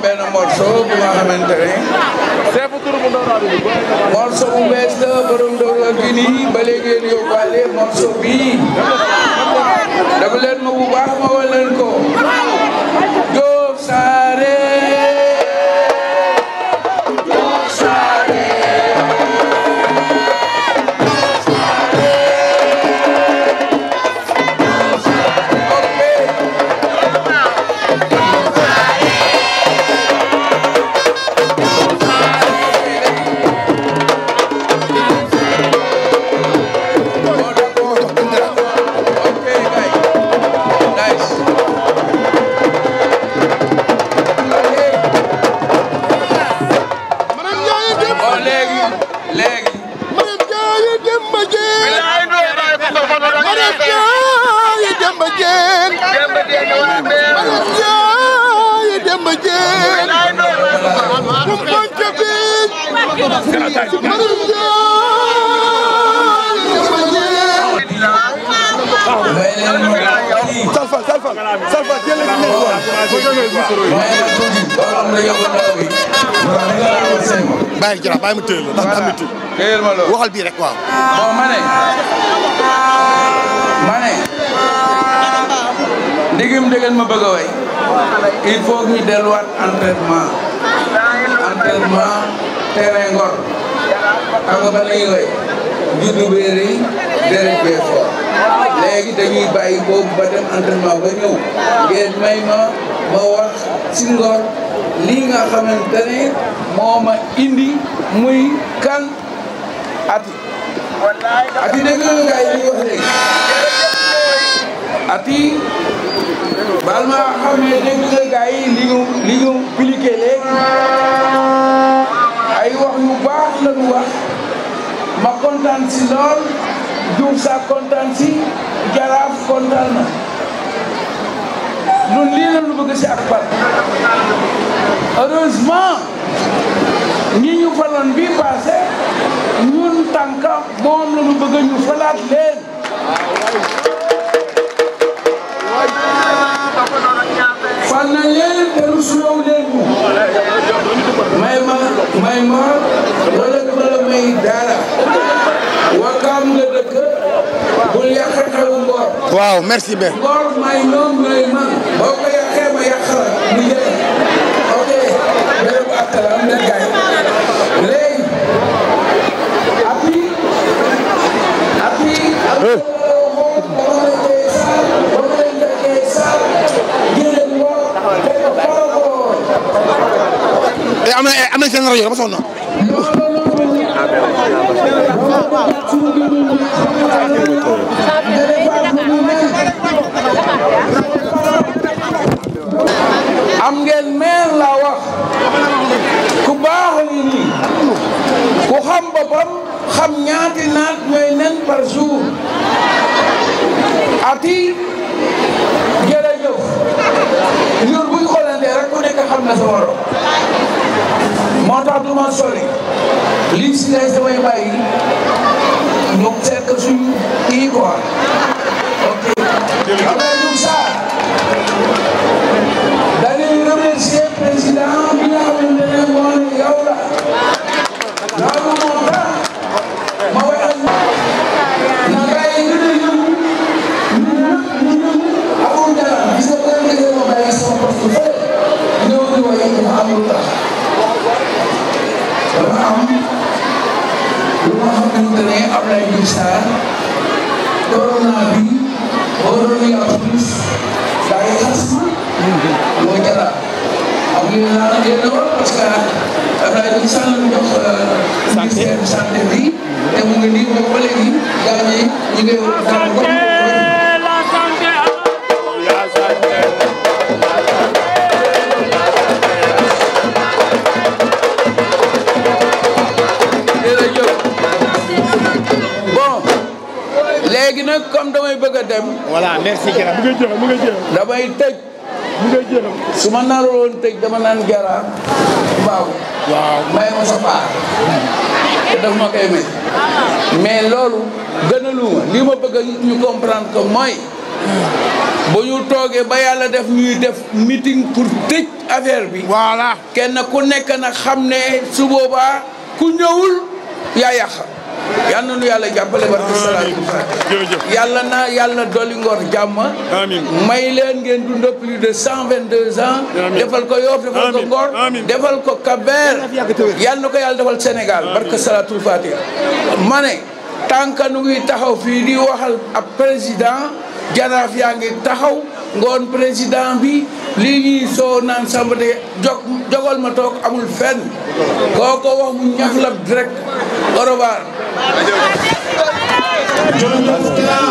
benn morceau bu nga xamante ne. chef tur bu Ndorla bi. morceau bu bees la borom Ndorla gi nii ba léegi yóbbaale morceau bii. dama leen ma bu baax ma wal leen ko. léegi. Mariam Ndiaye Demba Dieng. Mariam Ndiaye Demba Dieng. Mariam Ndiaye Demba Dieng. Kumpanca bi. Mariam Ndiaye Demba Dieng. Salfa salfa salfa jëlee loolu am na yow ndaw bi. waaw da la bàyyi ma tëjal la ndax waxal bii rek waaw. bon ma ne. ma ne. ndigam dëggan ma bëgg a il faut que ñu delluwaat entraînement. entraînement terrain ngor. xam nga ba la deret bee fort. léegi dañuy boobu ba dem entraînement ba ñëw. ngeen may ma ma wax ci lii nga xamante ne moo indi muy kan ati ati nga gars yi wax léegi ati bal ma xam ne nga gars yi li nga li nga ay wax yu baax la ñu wax ma kontaan si lool Diouf sa kontaan si Jaraaf kontaan na ñun lii la ñu bëgg si ak bar heureusement ñi ñu bii passé ñun tànka moom la ñu bëgg ñu waaw merci bien. Eh, am na eh, am na seen rajo dama sonn am ngeen meen la wax ku baax li nii ku xam boppam xam ñaati naat ñooy nen par jour ati jërëjëf ñun buñ xoolantee rek ku nekk xam na sa moo tax du ma sori lii si lay samay Macky Sall ñu jox euh, ministère de santé bi te mu ngi nii ba ba léegi gars ñi ñu ngi ko léegi nag comme damay bëgg a dem. voilà merci Gara. mu ngi jeexal mu ngi jeexal. damay tëj. mu ngi jeexal. su ma naroon tëj dama naan Gara mbaaw. waaw may ma sa part te daf ma koy may mais loolu gën a li ma bëgg ñu comprendre que mooy ba ñu toogee ba yàlla def ñuy def meeting pour tëj affaire bi voilà kenn ku nekk na xam ne su boobaa ku ñëwul yaa yàq yal na nu yàlla jàppale barke salaatu fatiha yàlla na yàlla dolli ngor jàmm may leen ngeen dund plus de cent vingt deux ans defal ko Yoff defal ko Ngor defal ko Kabeer yal na ko yàlla defal Sénégal barke salaatu fatiha ma ne tànka nu ngi taxaw fii di waxal ab président jaraaf yaa ngi taxaw ngoon président bi lii ñuy soo naan samba de jog ma toog amul fenn koo ko wax mu ñaf lab direct Jërëjëf